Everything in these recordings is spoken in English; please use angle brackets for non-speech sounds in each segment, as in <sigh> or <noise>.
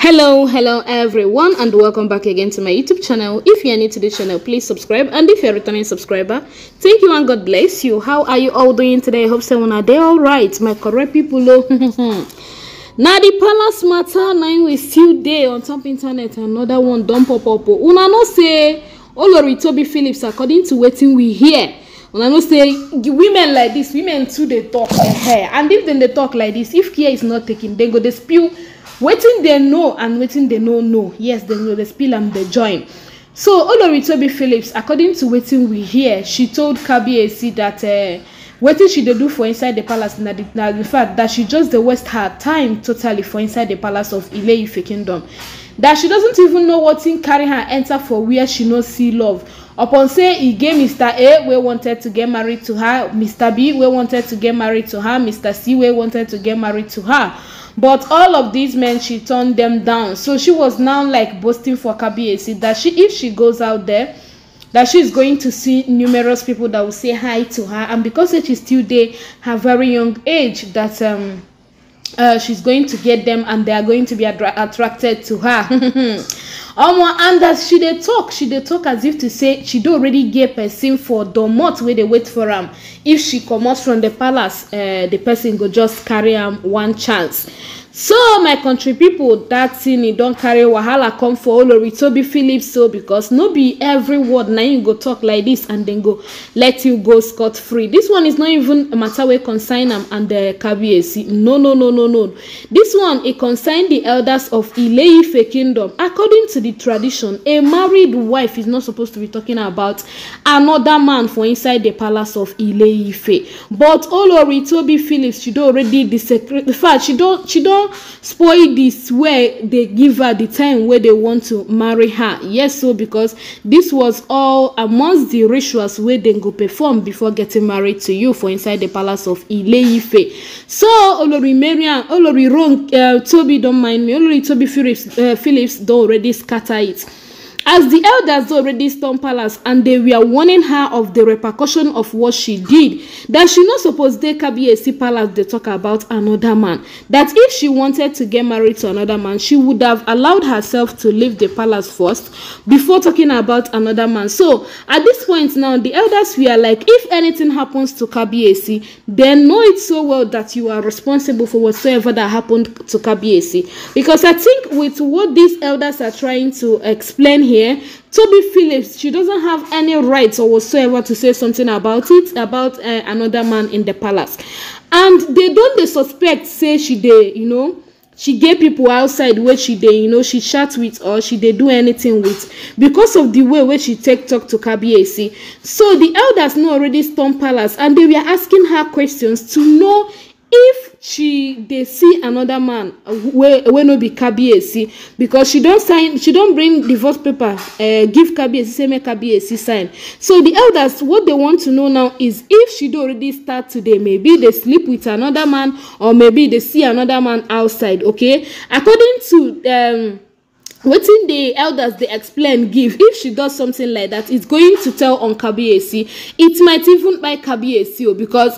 hello hello everyone and welcome back again to my youtube channel if you are new to this channel please subscribe and if you're a returning subscriber thank you and god bless you how are you all doing today I hope someone are they all right my correct people oh. <laughs> now the palace matter Now we still there on top internet another one don't pop up oh. una no say olori toby phillips according to waiting we hear una not say women like this women too they talk hair eh, eh, and if then they talk like this if care is not taken they go they spill wetin dem know and wetin dem no know yes dem go dey spill am dey join so olori tobi phillips according to wetin we hear she told kabiyesi that uh, wetin she dey do for inside the palace na di fact that she just dey waste her time totally for inside the palace of Ife kingdom that she doesn't even know wetin carry her enter for where she no see love upon say e get mr a wey wanted to get married to her mr b wey wanted to get married to her mr c wey wanted to get married to her But all of these men, she turned them down. So she was now like boasting for Kabiesi that she, if she goes out there, that she is going to see numerous people that will say hi to her. And because she's still there, her very young age, that um, Uh, she's going to get them and they are going to be attracted to her. Omo and as she dey talk, she dey talk as if to say she don already get person for domot wey dey wait for am. If she comot from the palace, uh, the person go just carry am one chance so my country people, dat tin e don carry wahala come for olori tobi phillips so because no be every word na you go talk like this and dem go let you go scot free This one is not even a matter wey concern am and eh, kabiyesi no no no no no This one e concern the elders of ileife kingdom according to the tradition a married wife is not supposed to be talking about another man for inside the palace of ileife but olori tobi phillips she don already the fact she don she don spoil this where they give her the time where they want to marry her yes so because this was all amongst the rituals where they go perform before getting married to you for inside the palace of Ileife. so Olori Mariam Olori Ron, uh, Tobi don't mind me Olori Toby Phillips uh, Phillips don already scatter it As the elders already stormed palace and they were warning her of the repercussion of what she did, that she not supposed they KBAC palace they talk about another man. That if she wanted to get married to another man, she would have allowed herself to leave the palace first before talking about another man. So at this point now, the elders were like, if anything happens to KBAC, then know it so well that you are responsible for whatsoever that happened to KBAC. Because I think with what these elders are trying to explain here, here toby phillips she doesn't have any rights or whatsoever to say something about it about uh, another man in the palace and they don't they suspect say she they you know she get people outside where she they you know she chat with or she they do anything with because of the way where she take talk to K B A C. so the elders know already storm palace and they were asking her questions to know if she they see another man where uh, where no be kabiyesi because she don't sign she don't bring divorce paper uh, give kabiyesi say make kabiyesi sign so the elders what they want to know now is if she do already start today maybe they sleep with another man or maybe they see another man outside okay according to. Um, in the elders they explain give if she does something like that it's going to tell on kabiyesi it might even buy kabiyesi o oh, because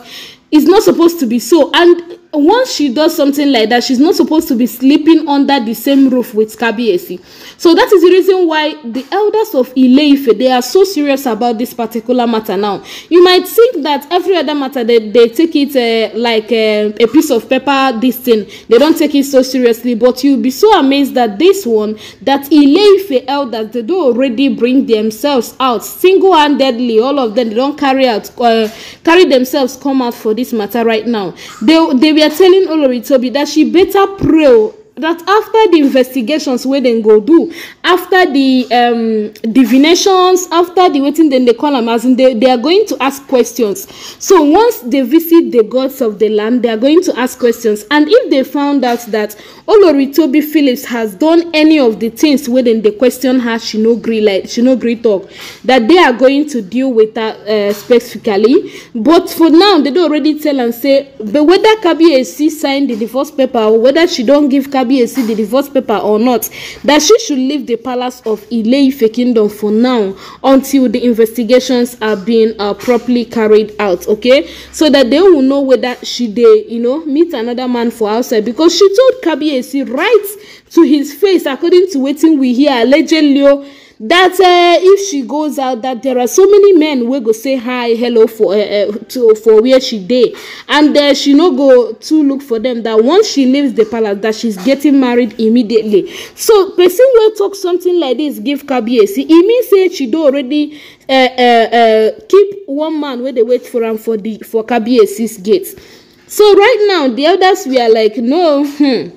it's not supposed to be so and once she does something like that she's not supposed to be sleeping under the same roof with kabiesi so that is the reason why the elders of ileife they are so serious about this particular matter now you might think that every other matter they, they take it uh, like uh, a piece of paper this thing they don't take it so seriously but you'll be so amazed that this one that ileife elders they do already bring themselves out single-handedly all of them they don't carry out uh, carry themselves come out for this matter right now they they we are telling Oloritobi that she better pray that after the investigations where they go do, after the um, divinations, after the waiting, then they call them as in they, they are going to ask questions. So once they visit the gods of the land, they are going to ask questions. And if they found out that Oloritobi Phillips has done any of the things where then they question her, she no agree like she no agree talk, that they are going to deal with her uh, specifically. But for now, they do already tell and say, but whether Kabi AC signed the divorce paper or whether she don't give Kabi kabiyesi the divorce paper or not that she should leave the palace of ile-ife kingdom for now until the investigations are being uh, properly carried out okay so that they will know whether she dey you know meet another man for outside because she told kabiyesi right to his face according to wetin we hear allegedly oh, that uh, if she goes out that there are so many men wey go say hi hello for uh, uh, to, for where she dey and uh, she no go too look for them that once she leaves the palace that she's getting married immediately so person wey talk something like this give kabiyesi e mean say she don already uh, uh, uh, keep one man wey dey wait for am for the for kabiyesi's gate so right now the elders were like no hmm,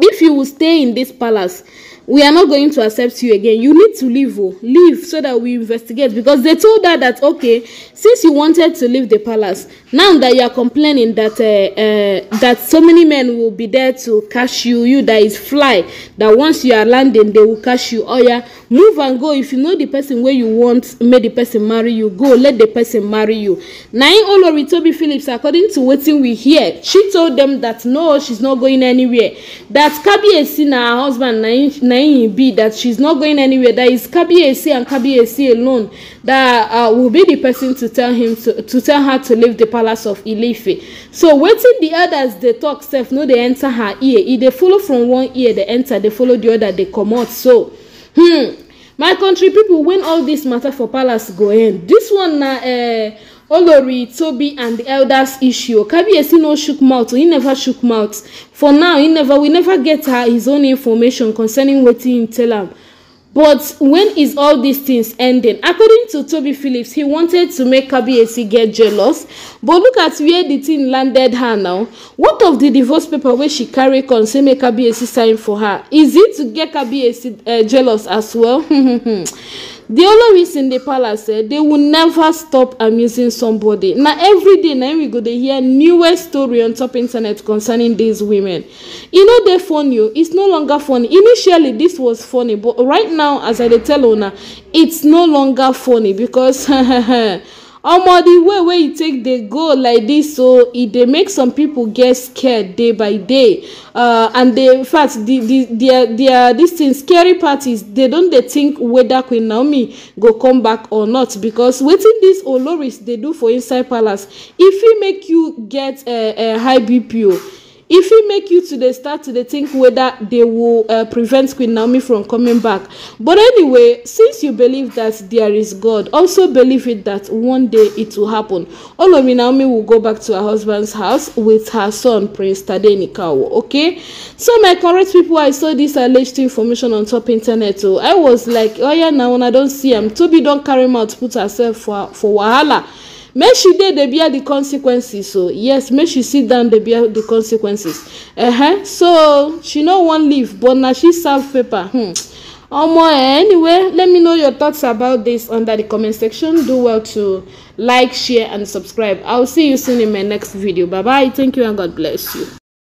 if you stay in this palace we are not going to accept you again you need to leave oh leave so that we investigate because they told her that okay since you wanted to leave the palace now that you are complaining that uh, uh, that so many men will be there to catch you you that is fly that once you are landing they will catch you oh yeah move and go if you know the person wey you want make the person marry you go let the person marry you na im olori tobi phillips according to wetin we hear she told them that no she's not going anywhere that kabiyesi na her husband na im. Nain be that she's not going anywhere, that is Kabiesi and Kabiesi alone that uh, will be the person to tell him to, to tell her to leave the palace of Ilife. So waiting the others they talk self no they enter her ear. If they follow from one ear they enter, they follow the other they come out. So hmm my country people when all this matter for palace go end. This one na uh, olori toby and the elders issue kabiyesi no shook mouth he never shook mouth for now he never we never get her his own information concerning wetin he tell am but when is all these things ending according to toby phillips he wanted to make kabiyesi get jealous but look at where the thing landed her now what of the divorce paper wey she carry come say make kabiyesi sign for her is it to get kabiyesi uh, jealous as well <laughs> hmm, hmm, hmm the only reason the palace say eh, they will never stop amusing somebody na every day na we go dey hear newest story on top internet concerning these women e no dey funny o oh, it's no longer funny initially this was funny but right now as i dey tell una it's no longer funny because <laughs> eh, eh, omo the way wey e take dey go like this so e dey make some people get scared day by day uh, and they in fact the the their their uh, this thing scary part is they don dey think whether Queen Naomi go come back or not because wetin this Oloris dey do for inside palace e fit make you get uh, uh, high BP o e fit make you to dey start to dey think whether they will uh, prevent Queen Naomi from coming back. But anyway, since you believe that there is God, also believe it that one day it will happen. Olomi Naomi will go back to her husband's house with her son, Prince Tade Nikawo, okay? So my correct people, I saw this alleged information on top internet. Oh, I was like, oh yeah, now when I don't see him, Toby don't carry him out, put herself for, for wahala make she dey dey bear the consequences o oh. so. yes make she sit down dey bear the consequences uh -huh. so she no wan leave but na she serve paper hmm. omo eh, anyway let me know your thoughts about this under the comment section do well to like share and subscribe i'll see you soon in my next video bye bye thank you and god bless you